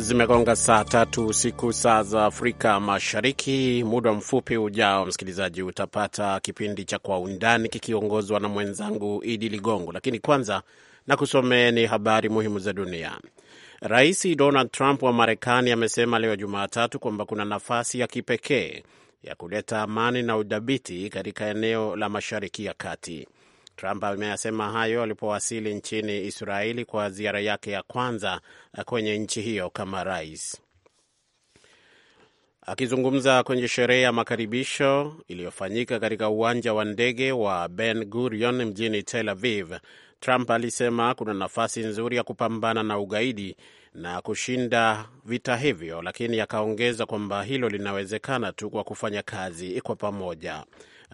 Zimegonga saa tatu usiku saa za Afrika Mashariki. Muda mfupi ujao, msikilizaji, utapata kipindi cha Kwa Undani kikiongozwa na mwenzangu Idi Ligongo, lakini kwanza na kusomee ni habari muhimu za dunia. Rais Donald Trump wa Marekani amesema leo Jumatatu kwamba kuna nafasi ya kipekee ya kuleta amani na udhabiti katika eneo la Mashariki ya Kati. Trump ameyasema hayo alipowasili nchini Israeli kwa ziara yake ya kwanza kwenye nchi hiyo kama rais. Akizungumza kwenye sherehe ya makaribisho iliyofanyika katika uwanja wa ndege wa Ben Gurion mjini Tel Aviv, Trump alisema kuna nafasi nzuri ya kupambana na ugaidi na kushinda vita hivyo, lakini akaongeza kwamba hilo linawezekana tu kwa kufanya kazi kwa pamoja.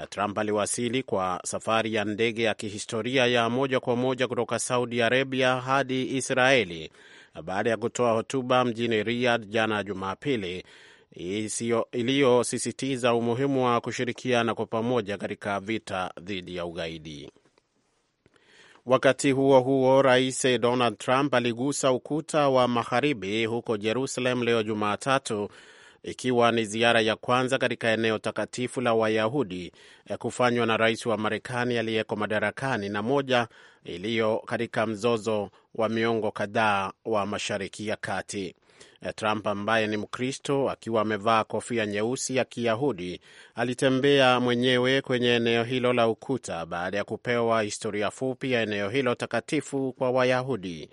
Trump aliwasili kwa safari ya ndege ya kihistoria ya moja kwa moja kutoka Saudi Arabia hadi Israeli baada ya kutoa hotuba mjini Riyadh jana Jumapili iliyosisitiza umuhimu wa kushirikiana kwa pamoja katika vita dhidi ya ugaidi. Wakati huo huo, Rais Donald Trump aligusa ukuta wa magharibi huko Jerusalem leo Jumatatu ikiwa ni ziara ya kwanza katika eneo takatifu la Wayahudi eh, kufanywa na rais wa Marekani aliyeko madarakani na moja iliyo katika mzozo wa miongo kadhaa wa Mashariki ya Kati. Eh, Trump ambaye ni Mkristo akiwa amevaa kofia nyeusi ya Kiyahudi alitembea mwenyewe kwenye eneo hilo la ukuta baada ya kupewa historia fupi ya eneo hilo takatifu kwa Wayahudi.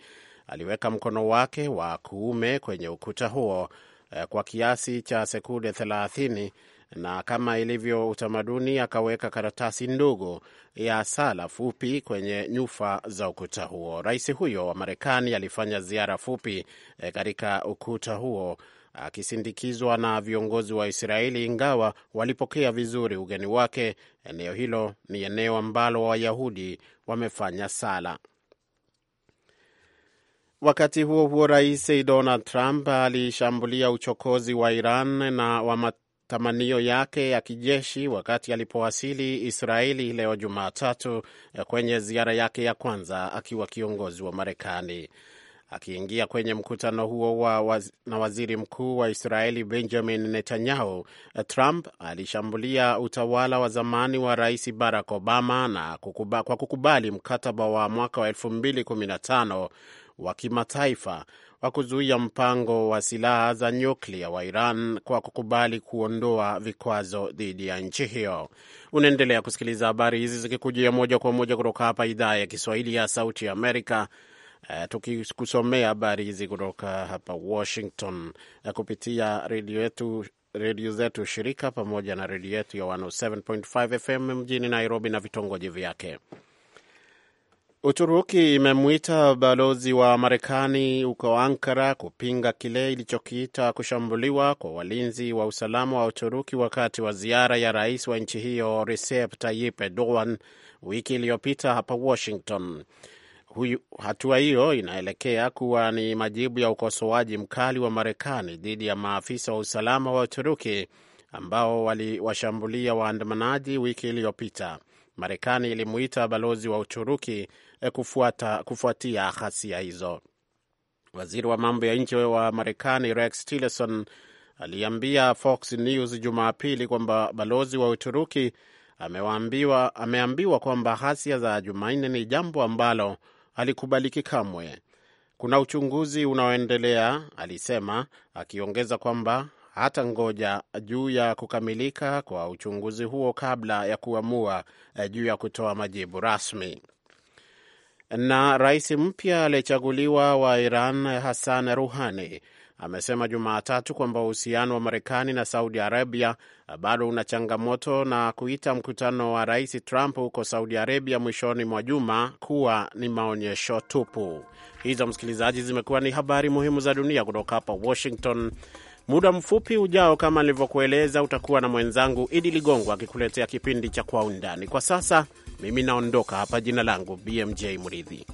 Aliweka mkono wake wa kuume kwenye ukuta huo Eh, kwa kiasi cha sekunde thelathini na kama ilivyo utamaduni akaweka karatasi ndogo ya sala fupi kwenye nyufa za ukuta huo. Rais huyo wa Marekani alifanya ziara fupi eh, katika ukuta huo akisindikizwa na viongozi wa Israeli, ingawa walipokea vizuri ugeni wake. Eneo hilo ni eneo ambalo Wayahudi wamefanya sala. Wakati huo huo, Rais Donald Trump alishambulia uchokozi wa Iran na wa matamanio yake ya kijeshi wakati alipowasili Israeli leo Jumatatu kwenye ziara yake ya kwanza akiwa kiongozi wa Marekani. Akiingia kwenye mkutano huo wa waz na waziri mkuu wa Israeli Benjamin Netanyahu, Trump alishambulia utawala wa zamani wa rais Barack Obama na kukuba, kwa kukubali mkataba wa mwaka wa 2015 wa kimataifa wa kuzuia mpango wa silaha za nyuklia wa Iran kwa kukubali kuondoa vikwazo dhidi ya nchi hiyo. Unaendelea kusikiliza habari hizi zikikujia moja kwa moja kutoka hapa idhaa ya Kiswahili ya Sauti ya Amerika Uh, tukikusomea habari hizi kutoka hapa Washington uh, kupitia redio yetu redio zetu shirika pamoja na redio yetu ya 107.5 FM mjini Nairobi na vitongoji vyake. Uturuki imemwita balozi wa Marekani huko Ankara kupinga kile ilichokiita kushambuliwa kwa walinzi wa usalama wa Uturuki wakati wa ziara ya rais wa nchi hiyo Recep Tayyip Erdogan wiki iliyopita hapa Washington huyu, hatua hiyo inaelekea kuwa ni majibu ya ukosoaji mkali wa Marekani dhidi ya maafisa wa usalama wa Uturuki ambao waliwashambulia waandamanaji wiki iliyopita. Marekani ilimuita balozi wa Uturuki eh, kufuata, kufuatia ghasia hizo. Waziri wa mambo ya nje wa Marekani Rex Tillerson aliambia Fox News Jumapili kwamba balozi wa Uturuki ameambiwa kwamba ghasia za Jumanne ni jambo ambalo halikubaliki kamwe. Kuna uchunguzi unaoendelea, alisema, akiongeza kwamba hata ngoja juu ya kukamilika kwa uchunguzi huo kabla ya kuamua eh, juu ya kutoa majibu rasmi. Na rais mpya aliyechaguliwa wa Iran Hassan ruhani amesema Jumatatu kwamba uhusiano wa Marekani na Saudi Arabia uh, bado una changamoto na kuita mkutano wa Rais Trump huko Saudi Arabia mwishoni mwa juma kuwa ni maonyesho tupu. Hizo msikilizaji, zimekuwa ni habari muhimu za dunia kutoka hapa Washington. Muda mfupi ujao, kama nilivyokueleza, utakuwa na mwenzangu Idi Ligongo akikuletea kipindi cha Kwa Undani. Kwa sasa mimi naondoka hapa, jina langu BMJ Mridhi.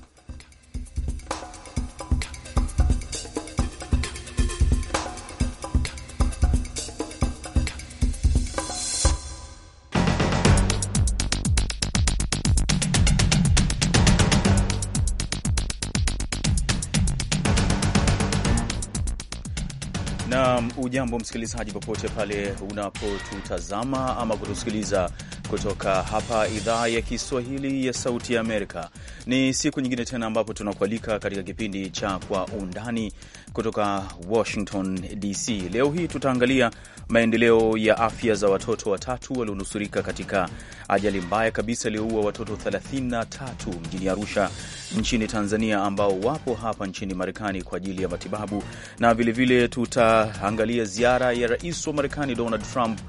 Hujambo msikilizaji, popote pale unapotutazama ama kutusikiliza kutoka hapa idhaa ya Kiswahili ya Sauti ya Amerika. Ni siku nyingine tena ambapo tunakualika katika kipindi cha Kwa Undani kutoka Washington DC. Leo hii tutaangalia maendeleo ya afya za watoto watatu walionusurika katika ajali mbaya kabisa iliyoua watoto 33 mjini Arusha nchini Tanzania, ambao wapo hapa nchini Marekani kwa ajili ya matibabu, na vilevile tutaangalia ziara ya rais wa Marekani Donald Trump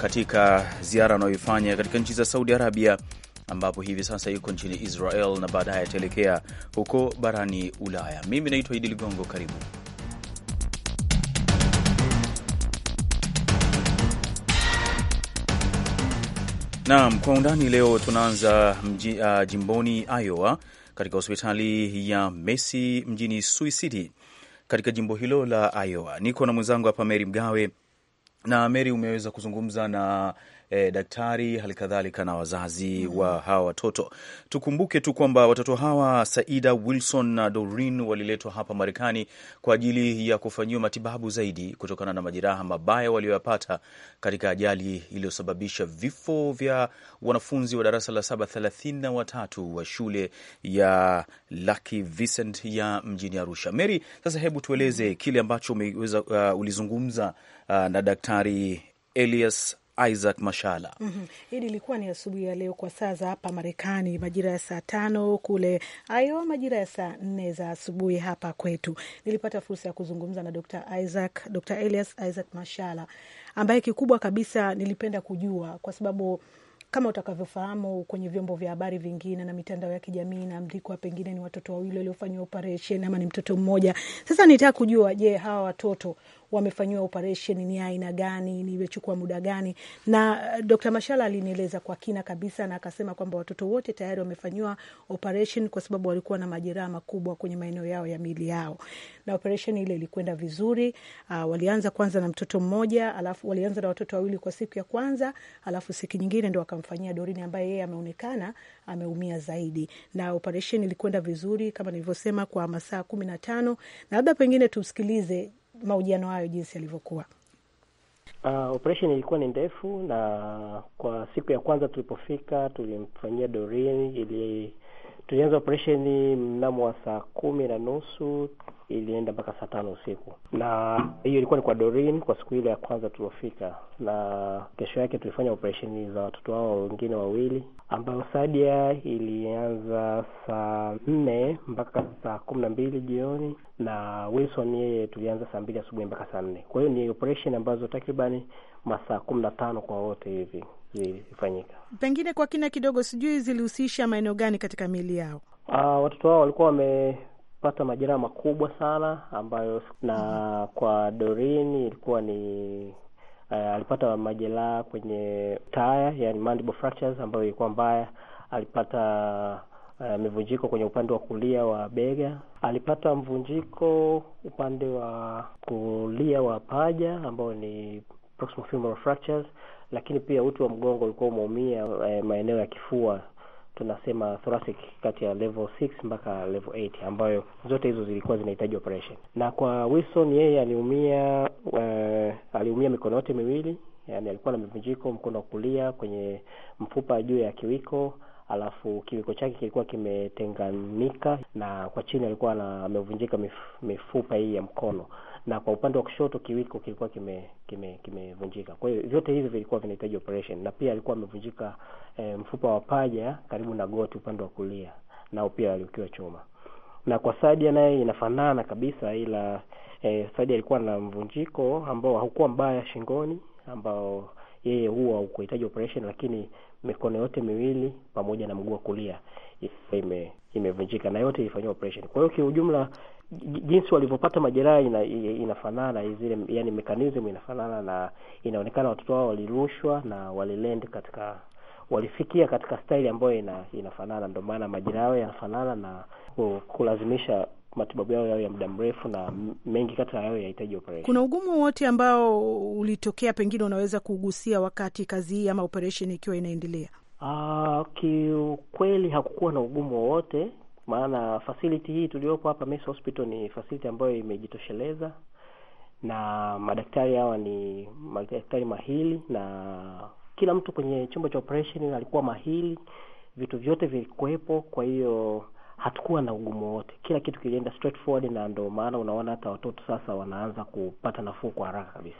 katika ziara anayoifanya katika nchi za Saudi Arabia, ambapo hivi sasa yuko nchini Israel na baadaye ataelekea huko barani Ulaya. Mimi naitwa Idi Ligongo, karibu Naam, kwa undani leo tunaanza mji, uh, jimboni Iowa katika hospitali ya Mercy mjini Sioux City katika jimbo hilo la Iowa. Niko na mwenzangu hapa Mary Mgawe na Mary, umeweza kuzungumza na eh, daktari, halikadhalika na wazazi mm -hmm. wa hawa watoto. Tukumbuke tu kwamba watoto hawa Saida Wilson na Doreen waliletwa hapa Marekani kwa ajili ya kufanyiwa matibabu zaidi kutokana na majeraha mabaya walioyapata katika ajali iliyosababisha vifo vya wanafunzi wa darasa la saba thelathini na watatu wa shule ya Lucky Vincent ya mjini Arusha. Mary, sasa hebu tueleze mm-hmm. kile ambacho umeweza, uh, ulizungumza uh, na Daktari Elias Isaac Mashala. mm -hmm. ilikuwa ni asubuhi ya leo kwa saa za hapa Marekani, majira ya saa tano kule ayo majira ya saa nne za asubuhi hapa kwetu. Nilipata fursa ya kuzungumza na Dr. Isaac, Dr. Elias Isaac Mashala ambaye kikubwa kabisa nilipenda kujua kwa sababu kama utakavyofahamu kwenye vyombo vya habari vingine na mitandao ya kijamii naandikwa pengine ni watoto wawili waliofanyiwa operesheni ama ni mtoto mmoja. Sasa nitaka kujua, je, hawa watoto wamefanyiwa operesheni ni aina gani, ni imechukua muda gani. Na eh, Dr. Mashala alinieleza kwa kina kabisa, na akasema kwamba watoto wote tayari wamefanyiwa operesheni kwa sababu walikuwa na majeraha makubwa kwenye maeneo yao ya miili yao, na operesheni ile ilikwenda vizuri. Uh, walianza kwanza na mtoto mmoja, alafu walianza na watoto wawili kwa siku ya kwanza, alafu siku nyingine ndo wakamfanyia Dorini ambaye yeye ameonekana ameumia zaidi, na operesheni ilikwenda vizuri kama nilivyosema, kwa masaa kumi na tano na labda pengine tumsikilize mahojiano hayo jinsi yalivyokuwa? Uh, operation ilikuwa ni ndefu, na kwa siku ya kwanza tulipofika tulimfanyia dorin ili Tulianza operesheni mnamo wa saa kumi na nusu ilienda mpaka saa tano usiku, na hiyo ilikuwa ni kwa Doreen, kwa siku ile ya kwanza tuliofika, na kesho yake tulifanya operesheni za watoto wao wengine wawili, ambayo Sadia ilianza saa nne mpaka saa kumi na mbili jioni na Wilson yeye tulianza saa mbili asubuhi mpaka saa nne. Kwa hiyo ni operesheni ambazo takribani masaa kumi na tano kwa wote hivi zilifanyika. Pengine kwa kina kidogo, sijui zilihusisha maeneo gani katika miili yao? Uh, watoto hao walikuwa wamepata majeraha makubwa sana ambayo na mm-hmm. kwa Doreen ilikuwa ni Uh, alipata majeraha kwenye taya yani mandible fractures ambayo ilikuwa mbaya. Alipata uh, mivunjiko kwenye upande wa kulia wa bega. Alipata mvunjiko upande wa kulia wa paja ambao ni proximal femoral fractures lakini pia uti wa mgongo ulikuwa umeumia eh, maeneo ya kifua tunasema thoracic kati ya level 6 mpaka level 8 ambayo zote hizo zilikuwa zinahitaji operation. Na kwa Wilson yeye aliumia uh, aliumia mikono yote miwili, yani alikuwa na mivunjiko mkono wa kulia kwenye mfupa juu ya kiwiko, alafu kiwiko chake kilikuwa kimetenganika, na kwa chini alikuwa na amevunjika mif, mifupa hii ya mkono na kwa upande wa kushoto kiwiko kilikuwa kimevunjika kime, kime. Kwa hiyo vyote hivi vilikuwa vinahitaji operation, na pia alikuwa amevunjika e, mfupa wa paja karibu na goti upande wa kulia, nao pia aliukiwa chuma. Na kwa Sadia naye inafanana kabisa, ila eh, e, Sadia alikuwa na mvunjiko ambao haukuwa mbaya shingoni, ambao yeye huwa haukuhitaji operation, lakini mikono yote miwili pamoja na mguu wa kulia ime- imevunjika na yote ilifanyiwa operation. Kwa hiyo kiujumla jinsi walivyopata majeraha ina, inafanana zile, yani mechanism inafanana, na inaonekana watoto wao walirushwa na walilend katika walifikia katika staili ambayo ina, inafanana. Ndio maana majeraha yao yanafanana na kulazimisha matibabu yao yao ya muda mrefu na mengi kati ya yao yahitaji operation. Kuna ugumu wowote ambao ulitokea, pengine unaweza kugusia, wakati kazi hii ama operation ikiwa inaendelea? Ah, kiukweli hakukuwa na ugumu wowote maana facility hii tuliyopo hapa Mesa Hospital ni facility ambayo imejitosheleza na madaktari hawa ni madaktari mahili, na kila mtu kwenye chumba cha operation alikuwa mahili, vitu vyote vilikuwepo. Kwa hiyo hatukuwa na ugumu wote, kila kitu kilienda straightforward, na ndio maana unaona hata watoto sasa wanaanza kupata nafuu kwa haraka kabisa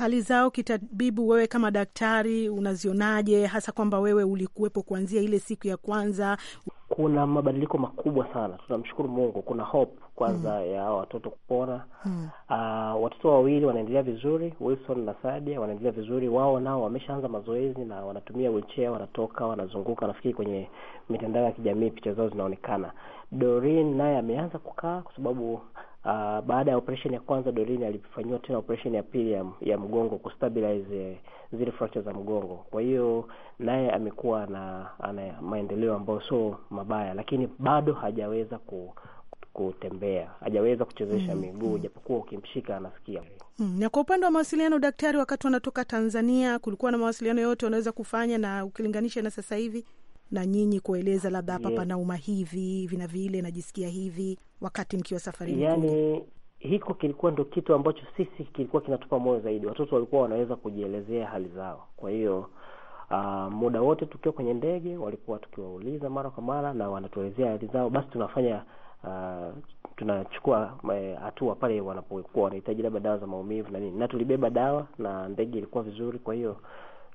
hali zao kitabibu, wewe kama daktari unazionaje, hasa kwamba wewe ulikuwepo kuanzia ile siku ya kwanza? Kuna mabadiliko makubwa sana, tunamshukuru Mungu. Kuna hope kwanza mm. ya watoto kupona mm. Uh, watoto wawili wanaendelea vizuri, Wilson na Sadia wanaendelea vizuri. Wao nao wameshaanza mazoezi na wanatumia wheelchair, wanatoka wanazunguka. Nafikiri kwenye mitandao ya kijamii picha zao zinaonekana. Doreen naye ameanza kukaa kwa sababu Uh, baada ya operation ya kwanza Dorine alifanyiwa tena operation ya pili ya, ya mgongo kustabilize eh, zile fracture za mgongo. Kwa hiyo naye amekuwa na ana maendeleo ambayo sio mabaya, lakini bado hajaweza ku, kutembea, hajaweza kuchezesha mm -hmm. miguu japokuwa ukimshika anasikia mm. Na kwa upande wa mawasiliano, daktari, wakati wanatoka Tanzania kulikuwa na mawasiliano yote wanaweza kufanya na ukilinganisha na sasa hivi na nyinyi kueleza labda hapa yes. panauma hivi vina vile najisikia hivi, wakati mkiwa safari Yani hiko kilikuwa ndo kitu ambacho sisi kilikuwa kinatupa moyo zaidi, watoto walikuwa wanaweza kujielezea hali zao. Kwa hiyo Uh, muda wote tukiwa kwenye ndege walikuwa tukiwauliza mara kwa mara na wanatuelezea hali zao, basi tunafanya uh, tunachukua eh, hatua pale wanapokuwa wanahitaji labda dawa za maumivu na nini, na tulibeba dawa na ndege ilikuwa vizuri. Kwa hiyo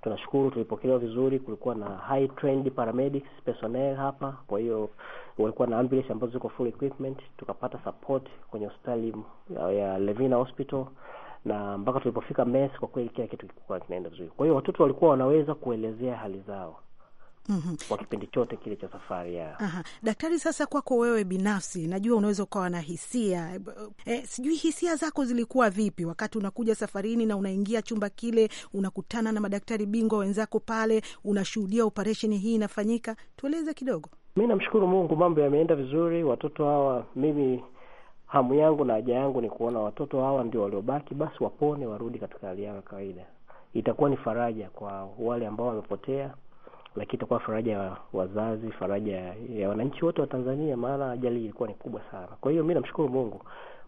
tunashukuru tulipokelewa vizuri. Kulikuwa na high trained paramedics personnel hapa, kwa hiyo walikuwa na ambulance ambazo ziko full equipment. Tukapata support kwenye hospitali ya Levina Hospital na mpaka tulipofika mes kwa kweli kila kitu kilikuwa kinaenda vizuri. Kwa hiyo watoto walikuwa wanaweza kuelezea hali zao mm -hmm. kwa kipindi chote kile cha safari yao. Aha. Daktari, sasa kwako wewe binafsi, najua unaweza ukawa na hisia e, sijui hisia zako zilikuwa vipi wakati unakuja safarini na unaingia chumba kile, unakutana na madaktari bingwa wenzako pale, unashuhudia operesheni hii inafanyika. Tueleze kidogo. Mi namshukuru Mungu, mambo yameenda vizuri. Watoto hawa mimi hamu yangu na haja yangu ni kuona watoto hawa ndio waliobaki, basi wapone, warudi katika hali yao ya kawaida. Itakuwa ni faraja kwa wale ambao wamepotea, lakini itakuwa faraja ya wazazi, faraja ya wananchi wote wa Tanzania, maana ajali ilikuwa ni kubwa sana. Kwa hiyo mi namshukuru Mungu,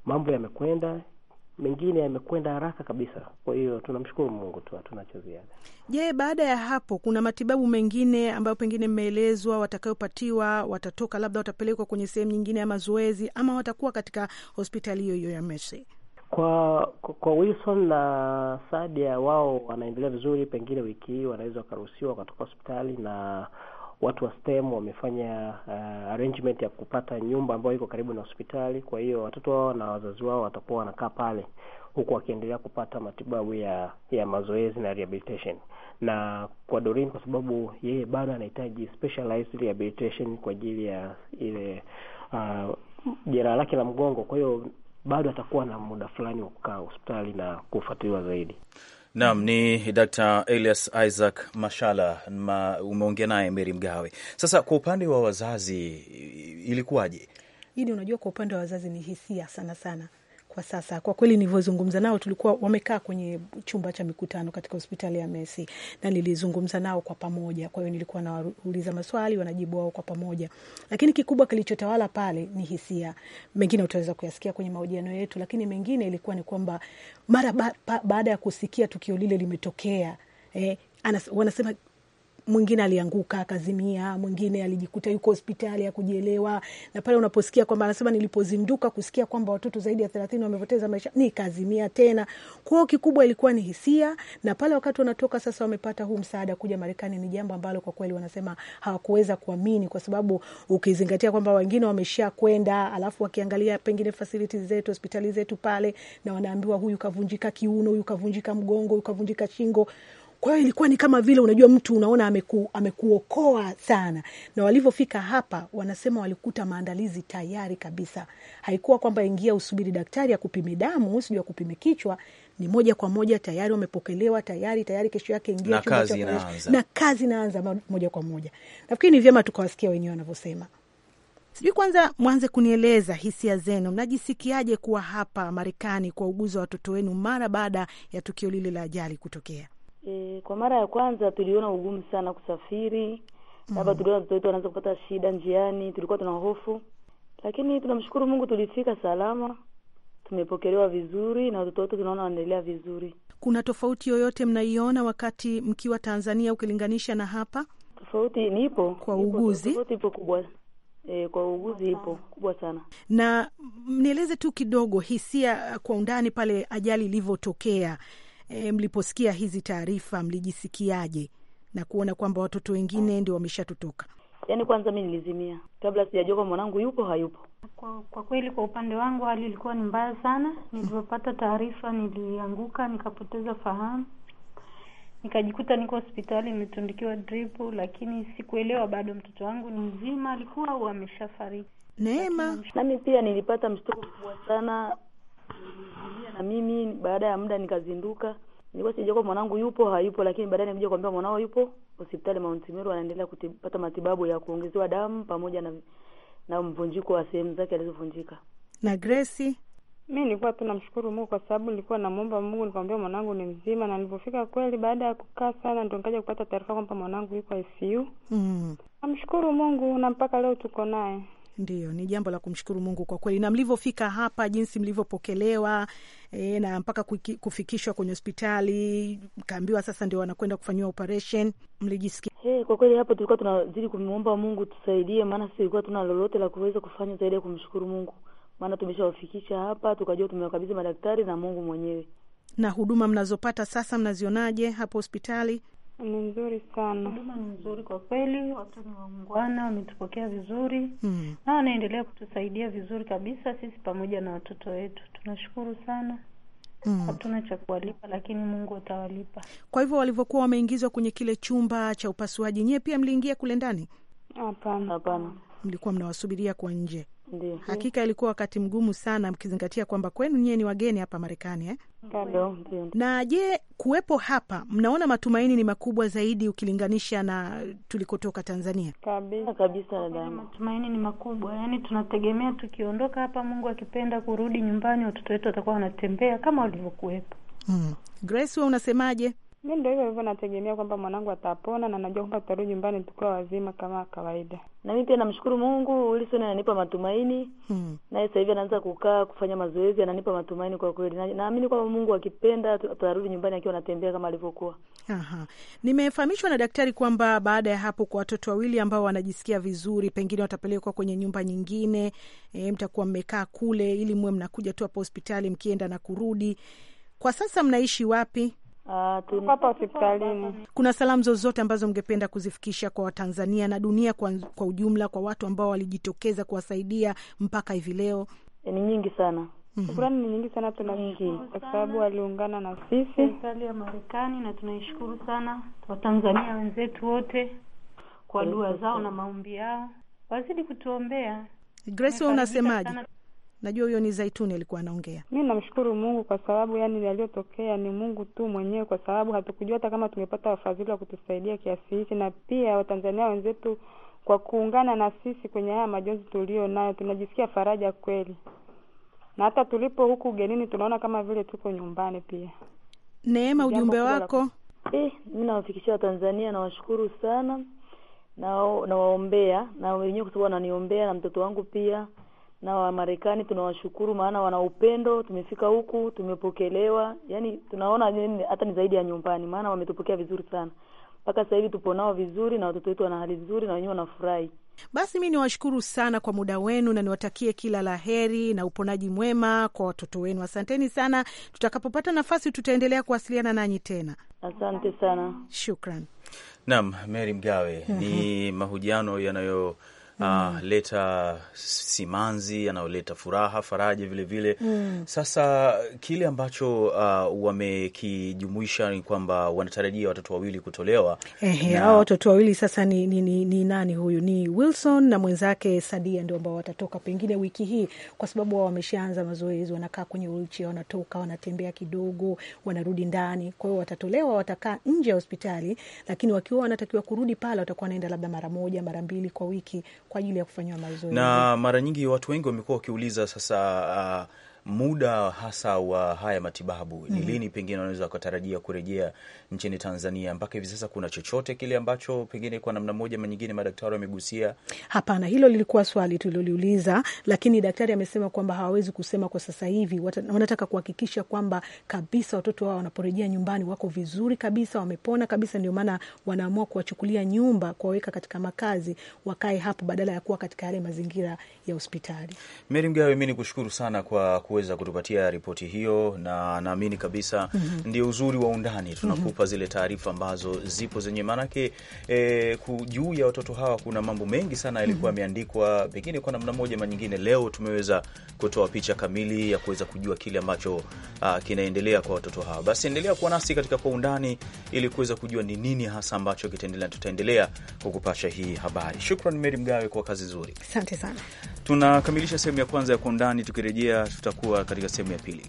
mambo yamekwenda mengine yamekwenda haraka kabisa. Kwa hiyo tunamshukuru Mungu tu, hatuna cha ziada. Je, baada ya hapo kuna matibabu mengine ambayo pengine mmeelezwa watakayopatiwa? Watatoka labda watapelekwa kwenye sehemu nyingine ya mazoezi, ama watakuwa katika hospitali hiyo hiyo ya Mercy? Kwa kwa Wilson na Sadia, wao wanaendelea vizuri, pengine wiki hii wanaweza wakaruhusiwa wakatoka hospitali na watu wa STEM wamefanya uh, arrangement ya kupata nyumba ambayo iko karibu na hospitali. Kwa hiyo watoto wao na wazazi wao watakuwa wanakaa pale huku wakiendelea kupata matibabu ya ya mazoezi na rehabilitation. Na kwa Dorin, kwa sababu yeye bado anahitaji specialized rehabilitation kwa ajili ya ile uh, jeraha lake la mgongo, kwa hiyo bado atakuwa na muda fulani wa kukaa hospitali na kufuatiliwa zaidi. Naam, ni Dr. Elias Isaac Mashala ma, umeongea naye Meri Mgawe. Sasa kwa upande wa wazazi ilikuwaje? Ili unajua, kwa upande wa wazazi ni hisia sana sana kwa sasa. Kwa kweli nilivyozungumza nao, tulikuwa wamekaa kwenye chumba cha mikutano katika hospitali ya Mercy na nilizungumza nao kwa pamoja. Kwa hiyo nilikuwa nawauliza maswali, wanajibu wao kwa pamoja, lakini kikubwa kilichotawala pale ni hisia. Mengine utaweza kuyasikia kwenye mahojiano yetu, lakini mengine ilikuwa ni kwamba mara ba, ba, baada ya kusikia tukio lile limetokea eh, anas, wanasema mwingine alianguka akazimia, mwingine alijikuta yuko hospitali ya kujielewa. Na pale unaposikia kwamba anasema nilipozinduka kusikia kwamba watoto zaidi ya thelathini wamepoteza maisha nikazimia tena. Kwao kikubwa ilikuwa ni hisia, na pale wakati wanatoka sasa, wamepata huu msaada kuja Marekani, ni jambo ambalo kwa kweli wanasema hawakuweza kuamini, kwa sababu ukizingatia kwamba wengine wamesha kwenda, alafu wakiangalia pengine fasiliti zetu, hospitali zetu pale, na wanaambiwa huyu kavunjika kiuno, huyu kavunjika mgongo, huyu kavunjika shingo kwa hiyo ilikuwa ni kama vile unajua, mtu unaona ameku, amekuokoa sana. Na walivyofika hapa, wanasema walikuta maandalizi tayari kabisa. Haikuwa kwamba ingia usubiri daktari akupime damu, sijui akupime kichwa, ni moja kwa moja tayari wamepokelewa tayari tayari, kesho yake ingia na kazi inaanza, na kazi moja kwa moja. Nafikiri ni vyema tukawasikia wenyewe wanavyosema. Sijui kwanza mwanze kunieleza hisia zenu, mnajisikiaje kuwa hapa Marekani kuwauguza watoto wenu mara baada ya tukio lile la ajali kutokea? E, kwa mara ya kwanza tuliona ugumu sana kusafiri labda mm. -hmm. tuliona watoto wetu wanaanza kupata shida njiani, tulikuwa tuna hofu, lakini tunamshukuru Mungu tulifika salama, tumepokelewa vizuri na watoto wetu tunaona wanaendelea vizuri. Kuna tofauti yoyote mnaiona wakati mkiwa Tanzania ukilinganisha na hapa? Tofauti ni ipo kwa uuguzi, tofauti ipo kubwa E, kwa uuguzi ipo kubwa sana. Na nieleze tu kidogo hisia kwa undani pale ajali ilivyotokea, e, mliposikia hizi taarifa mlijisikiaje na kuona kwamba watoto wengine ndio wameshatotoka? Yaani kwanza mi nilizimia kabla sijajua kwa mwanangu yupo hayupo. Kwa, kwa kweli kwa upande wangu hali ilikuwa ni mbaya sana. Nilipopata taarifa nilianguka, nikapoteza fahamu, nikajikuta niko hospitali, nimetundikiwa dripu, lakini sikuelewa bado mtoto wangu ni mzima alikuwa au ameshafariki. Neema, nami pia nilipata mshtuko mkubwa sana na mimi baada ya muda nikazinduka nilikuwa sijajua kwa mwanangu yupo hayupo lakini baadaye nimekuja kuambia mwanao yupo hospitali Mount Meru anaendelea kupata matibabu ya kuongezewa damu pamoja na na mvunjiko wa sehemu zake alizovunjika na Grace mi nilikuwa tu namshukuru Mungu kwa sababu nilikuwa namwomba Mungu, nikamwambia mwanangu ni mzima, na nilipofika kweli, baada ya kukaa sana, ndo nikaja kupata taarifa kwamba mwanangu yuko ICU. Mm. Namshukuru Mungu na mpaka leo tuko naye. Ndio, ni jambo la kumshukuru Mungu kwa kweli, na mlivyofika hapa, jinsi mlivyopokelewa e, na mpaka kufikishwa kwenye hospitali, mkaambiwa sasa ndio wanakwenda kufanyiwa operation, mlijisikia hey? Kwa kweli hapo tulikuwa tunazidi kumwomba Mungu tusaidie, maana sisi tulikuwa tuna lolote la kuweza kufanya zaidi ya kumshukuru Mungu, maana tumeshawafikisha hapa, tukajua tumewakabidhi madaktari na Mungu mwenyewe. Na huduma mnazopata sasa mnazionaje hapo hospitali? Ni nzuri sana, huduma ni nzuri kwa kweli, watu ni waungwana, wametupokea vizuri mm. na wanaendelea kutusaidia vizuri kabisa, sisi pamoja na watoto wetu. Tunashukuru sana. Hmm. Hatuna mm. cha kuwalipa, lakini Mungu atawalipa. Kwa hivyo walivyokuwa wameingizwa kwenye kile chumba cha upasuaji, nyewe pia mliingia kule ndani? Hapana, hapana, mlikuwa mnawasubiria kwa nje. Ndiyo. Hakika ilikuwa wakati mgumu sana mkizingatia kwamba kwenu nyie ni wageni hapa Marekani eh? Na je, kuwepo hapa mnaona matumaini ni makubwa zaidi ukilinganisha na tulikotoka Tanzania? Kabisa kabisa, matumaini ni makubwa. Yaani tunategemea tukiondoka hapa, Mungu akipenda, kurudi nyumbani, watoto wetu watakuwa wanatembea kama walivyokuwepo. Mm. Grace, wewe unasemaje? Mi ndo hivyo hivyo nategemea kwamba mwanangu atapona na najua kwamba tutarudi nyumbani tukiwa wazima kama kawaida. Na mimi pia namshukuru Mungu, Wilson ananipa matumaini hmm. Naye sasa hivi anaanza kukaa kufanya mazoezi, ananipa matumaini kwa kweli. Naamini kwamba Mungu akipenda tutarudi nyumbani akiwa anatembea kama alivyokuwa. Aha. Nimefahamishwa na daktari kwamba baada ya hapo kwa watoto wawili ambao wanajisikia vizuri, pengine watapelekwa kwenye nyumba nyingine. E, mtakuwa mmekaa kule ili muwe mnakuja tu hapo hospitali mkienda na kurudi. Kwa sasa mnaishi wapi? hospitalini. Kuna salamu zozote ambazo mngependa kuzifikisha kwa Watanzania na dunia kwa, kwa ujumla kwa watu ambao walijitokeza kuwasaidia mpaka hivi leo? E, ni nyingi sana mhm. shukurani mm -hmm. ni nyingi sana nyingi kwa sababu waliungana na sisi serikali ya Marekani, na tunaishukuru sana Watanzania wenzetu wote kwa dua zao na maombi yao, wazidi kutuombea. Grace, wewe unasemaje? Najua huyo ni Zaituni alikuwa anaongea. Mi namshukuru Mungu kwa sababu yani yaliyotokea ni Mungu tu mwenyewe, kwa sababu hatukujua hata kama tungepata wafadhili wa kutusaidia kiasi hiki na pia Watanzania wenzetu kwa kuungana na sisi kwenye haya majonzi tulio nayo, tunajisikia faraja kweli, na hata tulipo huku ugenini tunaona kama vile tuko nyumbani. Pia Neema, ujumbe wako eh, mi nawafikishia Watanzania, nawashukuru sana nawaombea na wenyewe, kwa sababu wananiombea na mtoto wangu pia na Wamarekani tunawashukuru, maana wana upendo. Tumefika huku tumepokelewa, yani tunaona hata ni zaidi ya nyumbani, maana wametupokea vizuri sana mpaka sasa hivi tupo nao vizuri, na watoto wetu wana hali nzuri, na wenyewe wanafurahi. Basi mi niwashukuru sana kwa muda wenu na niwatakie kila la heri na uponaji mwema kwa watoto wenu. Asanteni sana. Tutakapopata nafasi, tutaendelea kuwasiliana nanyi tena. Asante sana, shukran. Naam, Mary Mgawe. mm -hmm. Ni mhm. mahojiano yanayo uh, leta simanzi, yanayoleta furaha, faraja vilevile vile. Mm. Sasa kile ambacho uh, wamekijumuisha ni kwamba wanatarajia watoto wawili kutolewa. Ehe, na... watoto wawili sasa ni, ni, ni, ni nani huyu? Ni Wilson na mwenzake Sadia ndio ambao watatoka pengine wiki hii, kwa sababu wao wameshaanza mazoezi, wanakaa kwenye ulchi, wanatoka wanatembea kidogo, wanarudi ndani. Kwa hiyo watatolewa, watakaa nje ya hospitali, lakini wakiwa wanatakiwa kurudi pale, watakuwa wanaenda labda mara moja mara mbili kwa wiki kwa ajili ya kufanyiwa mazoezi. Na mara nyingi watu wengi wamekuwa wakiuliza sasa, uh, muda hasa wa haya matibabu ni mm -hmm. lini pengine wanaweza wakatarajia kurejea nchini Tanzania? Mpaka hivi sasa kuna chochote kile ambacho pengine kwa namna moja ama nyingine madaktari wamegusia? Hapana, hilo lilikuwa swali tuliloliuliza, lakini daktari amesema kwamba hawawezi kusema kwa sasa hivi. Wanataka kuhakikisha kwamba kabisa watoto wao wanaporejea nyumbani wako vizuri kabisa, wamepona kabisa. Ndio maana wanaamua kuwachukulia nyumba, kuwaweka katika makazi, wakae hapo badala ya kuwa katika yale mazingira ya hospitali. Meri Mgawe, mi ni kushukuru sana kwa ku kuweza kutupatia ripoti hiyo, na naamini kabisa mm -hmm. ndio uzuri wa undani mhm. tunakupa mm -hmm. zile taarifa ambazo zipo zenye maanake e, juu ya watoto hawa kuna mambo mengi sana yalikuwa mhm. yameandikwa mm -hmm. pengine kwa namna moja ama nyingine. Leo tumeweza kutoa picha kamili ya kuweza kujua kile ambacho uh, kinaendelea kwa watoto hawa. Basi endelea kuwa nasi katika kwa undani ili kuweza kujua ni nini hasa ambacho kitaendelea. Tutaendelea kukupasha hii habari. Shukran Meri Mgawe kwa kazi nzuri, asante sana. Tunakamilisha sehemu ya kwanza ya Kwa Undani. Tukirejea tutakuwa katika sehemu ya pili.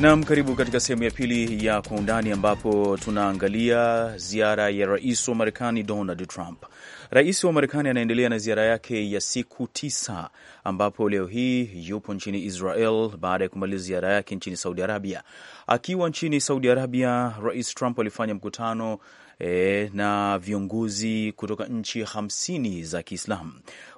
Nam, karibu katika sehemu ya pili ya Kwa Undani ambapo tunaangalia ziara ya rais wa Marekani Donald Trump Rais wa Marekani anaendelea na ziara yake ya siku tisa ambapo leo hii yupo nchini Israel baada ya kumaliza ziara yake nchini Saudi Arabia. Akiwa nchini Saudi Arabia, Rais Trump alifanya mkutano E, na viongozi kutoka nchi hamsini za Kiislamu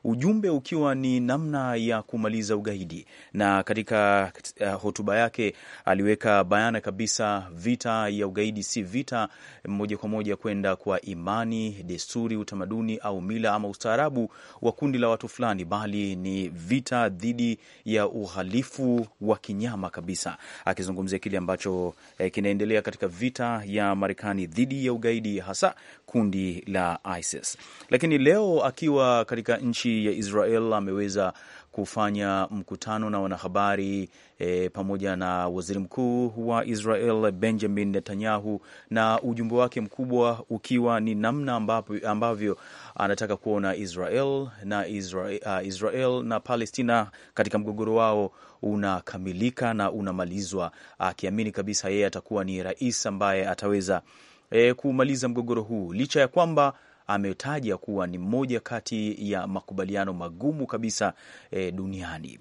ujumbe ukiwa ni namna ya kumaliza ugaidi. Na katika uh, hotuba yake aliweka bayana kabisa, vita ya ugaidi si vita moja kwa moja kwenda kwa imani, desturi, utamaduni au mila ama ustaarabu wa kundi la watu fulani, bali ni vita dhidi ya uhalifu wa kinyama kabisa, akizungumzia kile ambacho eh, kinaendelea katika vita ya Marekani dhidi ya ugaidi, hasa kundi la ISIS. Lakini leo akiwa katika nchi ya Israel ameweza kufanya mkutano na wanahabari e, pamoja na waziri mkuu wa Israel Benjamin Netanyahu, na ujumbe wake mkubwa ukiwa ni namna ambavyo, ambavyo anataka kuona Israel na Israel, uh, Israel na Palestina katika mgogoro wao unakamilika na unamalizwa, akiamini kabisa yeye atakuwa ni rais ambaye ataweza e, kumaliza mgogoro huu licha ya kwamba ametaja kuwa ni moja kati ya makubaliano magumu kabisa e, duniani.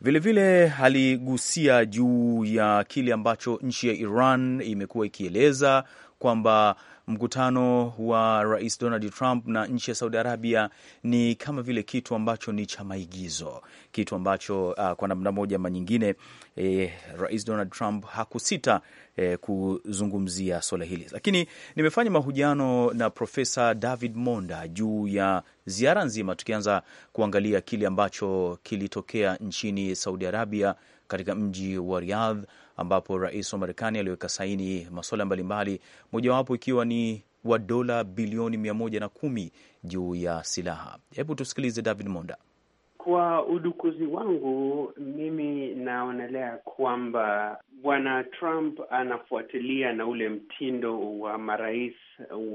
Vilevile aligusia juu ya kile ambacho nchi ya Iran imekuwa ikieleza kwamba mkutano wa Rais Donald Trump na nchi ya Saudi Arabia ni kama vile kitu ambacho ni cha maigizo, kitu ambacho uh, kwa namna moja ama nyingine eh, Rais Donald Trump hakusita eh, kuzungumzia suala hili, lakini nimefanya mahojiano na Profesa David Monda juu ya ziara nzima, tukianza kuangalia kile ambacho kilitokea nchini Saudi Arabia katika mji wa Riyadh ambapo rais wa Marekani aliweka saini masuala mbalimbali, mojawapo ikiwa ni wa dola bilioni mia moja na kumi juu ya silaha. Hebu tusikilize David Monda. Kwa udukuzi wangu mimi naonelea kwamba bwana Trump anafuatilia na ule mtindo wa marais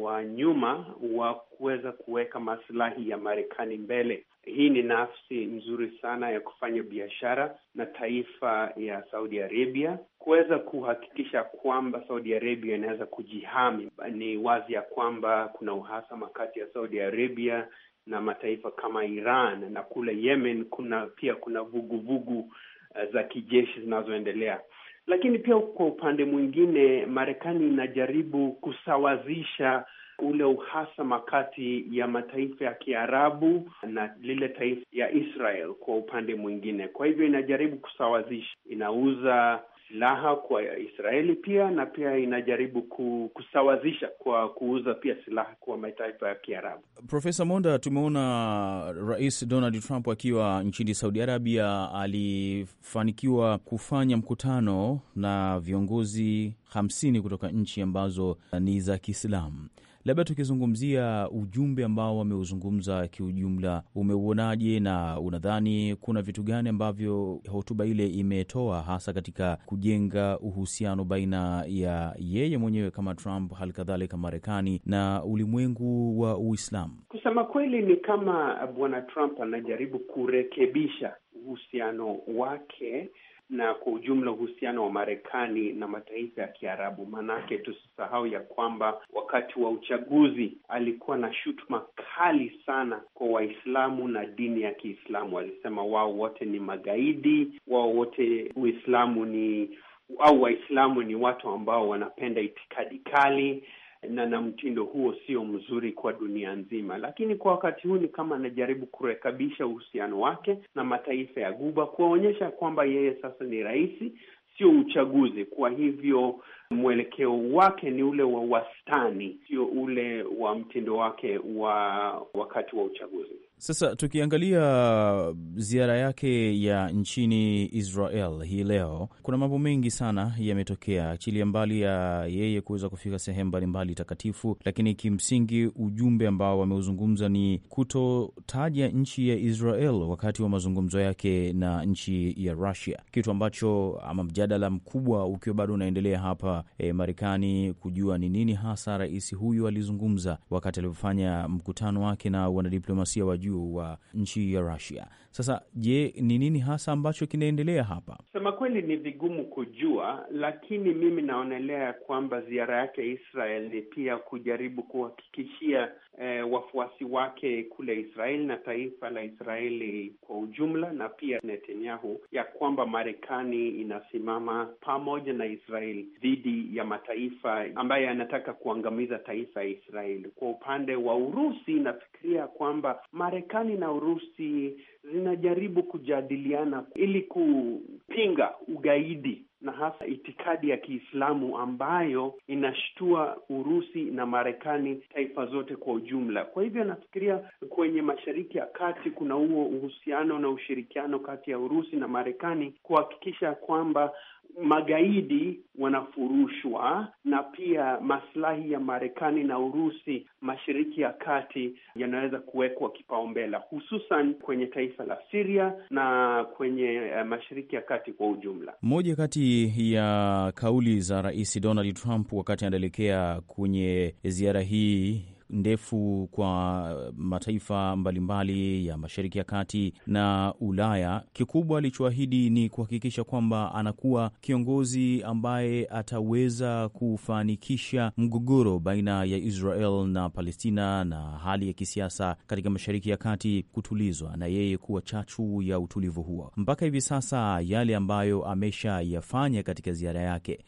wa nyuma wa kuweza kuweka masilahi ya Marekani mbele. Hii ni nafsi nzuri sana ya kufanya biashara na taifa ya Saudi Arabia kuweza kuhakikisha kwamba Saudi Arabia inaweza kujihami. Ni wazi ya kwamba kuna uhasama kati ya Saudi Arabia na mataifa kama Iran na kule Yemen kuna pia kuna vuguvugu vugu eh, za kijeshi zinazoendelea, lakini pia kwa upande mwingine Marekani inajaribu kusawazisha ule uhasama kati ya mataifa ya Kiarabu na lile taifa ya Israel kwa upande mwingine. Kwa hivyo inajaribu kusawazisha, inauza silaha kwa Israeli pia na pia inajaribu kusawazisha kwa kuuza pia silaha kwa mataifa ya Kiarabu. Profesa Monda, tumeona Rais Donald Trump akiwa nchini Saudi Arabia alifanikiwa kufanya mkutano na viongozi hamsini kutoka nchi ambazo ni za Kiislamu labda tukizungumzia ujumbe ambao wameuzungumza kiujumla, umeuonaje na unadhani kuna vitu gani ambavyo hotuba ile imetoa hasa katika kujenga uhusiano baina ya yeye mwenyewe kama Trump, hali kadhalika Marekani na ulimwengu wa Uislamu? Kusema kweli, ni kama bwana Trump anajaribu kurekebisha uhusiano wake na kwa ujumla uhusiano wa Marekani na mataifa ya Kiarabu. Maanake tusisahau ya kwamba wakati wa uchaguzi alikuwa na shutuma kali sana kwa Waislamu na dini ya Kiislamu. Alisema wao wote ni magaidi, wao wote Uislamu ni au Waislamu ni watu ambao wanapenda itikadi kali na na mtindo huo sio mzuri kwa dunia nzima, lakini kwa wakati huu ni kama anajaribu kurekebisha uhusiano wake na mataifa ya Guba, kuwaonyesha kwamba yeye sasa ni rais, sio uchaguzi. Kwa hivyo mwelekeo wake ni ule wa wastani, sio ule wa mtindo wake wa wakati wa uchaguzi. Sasa tukiangalia ziara yake ya nchini Israel hii leo, kuna mambo mengi sana yametokea, achilia mbali ya yeye kuweza kufika sehemu mbalimbali takatifu, lakini kimsingi ujumbe ambao wameuzungumza ni kutotaja nchi ya Israel wakati wa mazungumzo yake na nchi ya Russia, kitu ambacho ama mjadala mkubwa ukiwa bado unaendelea hapa e, Marekani kujua ni nini hasa rais huyu alizungumza wakati alipofanya mkutano wake na wanadiplomasia wa juu wa nchi ya Rusia. Sasa je, ni nini hasa ambacho kinaendelea hapa? Sema kweli ni vigumu kujua, lakini mimi naonelea ya kwamba ziara yake Israel ni pia kujaribu kuhakikishia eh, wafuasi wake kule Israel na taifa la Israeli kwa ujumla na pia Netanyahu ya kwamba Marekani inasimama pamoja na Israel dhidi ya mataifa ambayo yanataka kuangamiza taifa ya Israeli. Kwa upande wa Urusi, nafikiria kwamba Marekani na Urusi zinajaribu kujadiliana ili kupinga ugaidi na hasa itikadi ya Kiislamu ambayo inashtua Urusi na Marekani, taifa zote kwa ujumla. Kwa hivyo nafikiria kwenye Mashariki ya Kati kuna huo uhusiano na ushirikiano kati ya Urusi na Marekani kuhakikisha kwamba magaidi wanafurushwa na pia maslahi ya Marekani na Urusi Mashariki ya Kati yanaweza kuwekwa kipaumbele, hususan kwenye taifa la Siria na kwenye eh, Mashariki ya Kati kwa ujumla. Moja kati ya kauli za Rais Donald Trump wakati anaelekea kwenye ziara hii ndefu kwa mataifa mbalimbali ya Mashariki ya Kati na Ulaya. Kikubwa alichoahidi ni kuhakikisha kwamba anakuwa kiongozi ambaye ataweza kufanikisha mgogoro baina ya Israel na Palestina na hali ya kisiasa katika Mashariki ya Kati kutulizwa na yeye kuwa chachu ya utulivu huo. Mpaka hivi sasa yale ambayo ameshayafanya katika ziara yake,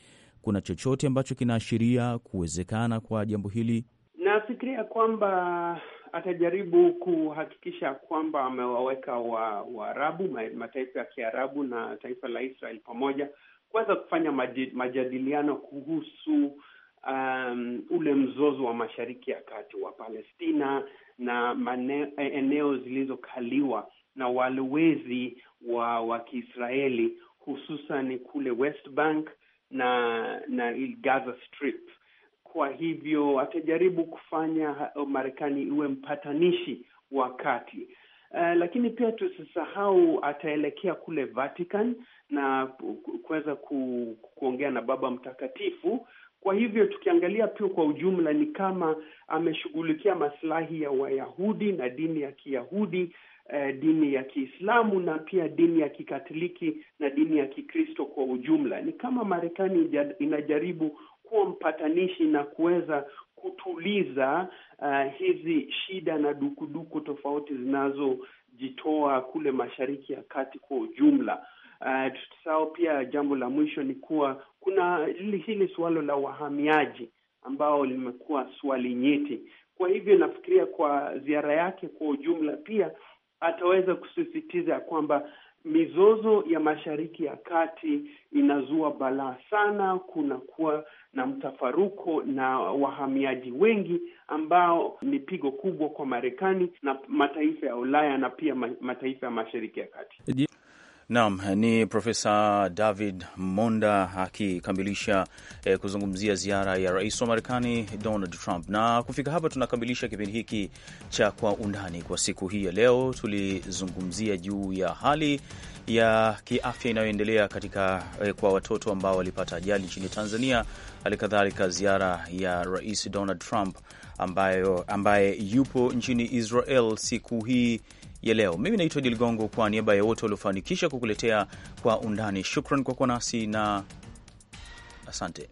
kuna chochote ambacho kinaashiria kuwezekana kwa jambo hili? Nafikiria kwamba atajaribu kuhakikisha kwamba amewaweka Waarabu wa mataifa ya Kiarabu na taifa la Israel pamoja kuweza kufanya majadiliano kuhusu um, ule mzozo wa Mashariki ya Kati wa Palestina na mane, eneo zilizokaliwa na walowezi wa wa Kiisraeli hususan kule West Bank na na Gaza Strip kwa hivyo atajaribu kufanya uh, Marekani iwe mpatanishi wa kati. Uh, lakini pia tusisahau ataelekea kule Vatican na kuweza ku, kuongea na Baba Mtakatifu. Kwa hivyo tukiangalia pia kwa ujumla, ni kama ameshughulikia maslahi ya Wayahudi na dini ya Kiyahudi, eh, dini ya Kiislamu na pia dini ya Kikatoliki na dini ya Kikristo kwa ujumla. Ni kama Marekani inajaribu kuwa mpatanishi na kuweza kutuliza uh, hizi shida na dukuduku tofauti zinazojitoa kule Mashariki ya Kati kwa ujumla. Uh, eh, tutasahau pia jambo la mwisho ni kuwa kuna hili suala la wahamiaji ambao limekuwa swali nyeti. Kwa hivyo nafikiria kwa ziara yake kwa ujumla pia ataweza kusisitiza kwamba mizozo ya Mashariki ya Kati inazua balaa sana. Kunakuwa na mtafaruko na wahamiaji wengi ambao ni pigo kubwa kwa Marekani na mataifa ya Ulaya na pia mataifa ya Mashariki ya Kati. Naam, ni Profesa David Monda akikamilisha eh, kuzungumzia ziara ya rais wa Marekani Donald Trump. Na kufika hapa tunakamilisha kipindi hiki cha Kwa Undani kwa siku hii ya leo. Tulizungumzia juu ya hali ya kiafya inayoendelea katika eh, kwa watoto ambao walipata ajali nchini Tanzania, hali kadhalika ziara ya rais Donald Trump ambayo, ambaye yupo nchini Israel siku hii ya leo. Mimi naitwa Idi Ligongo, kwa niaba ya wote waliofanikisha kukuletea kwa undani. Shukran kwa kuwa nasi na asante.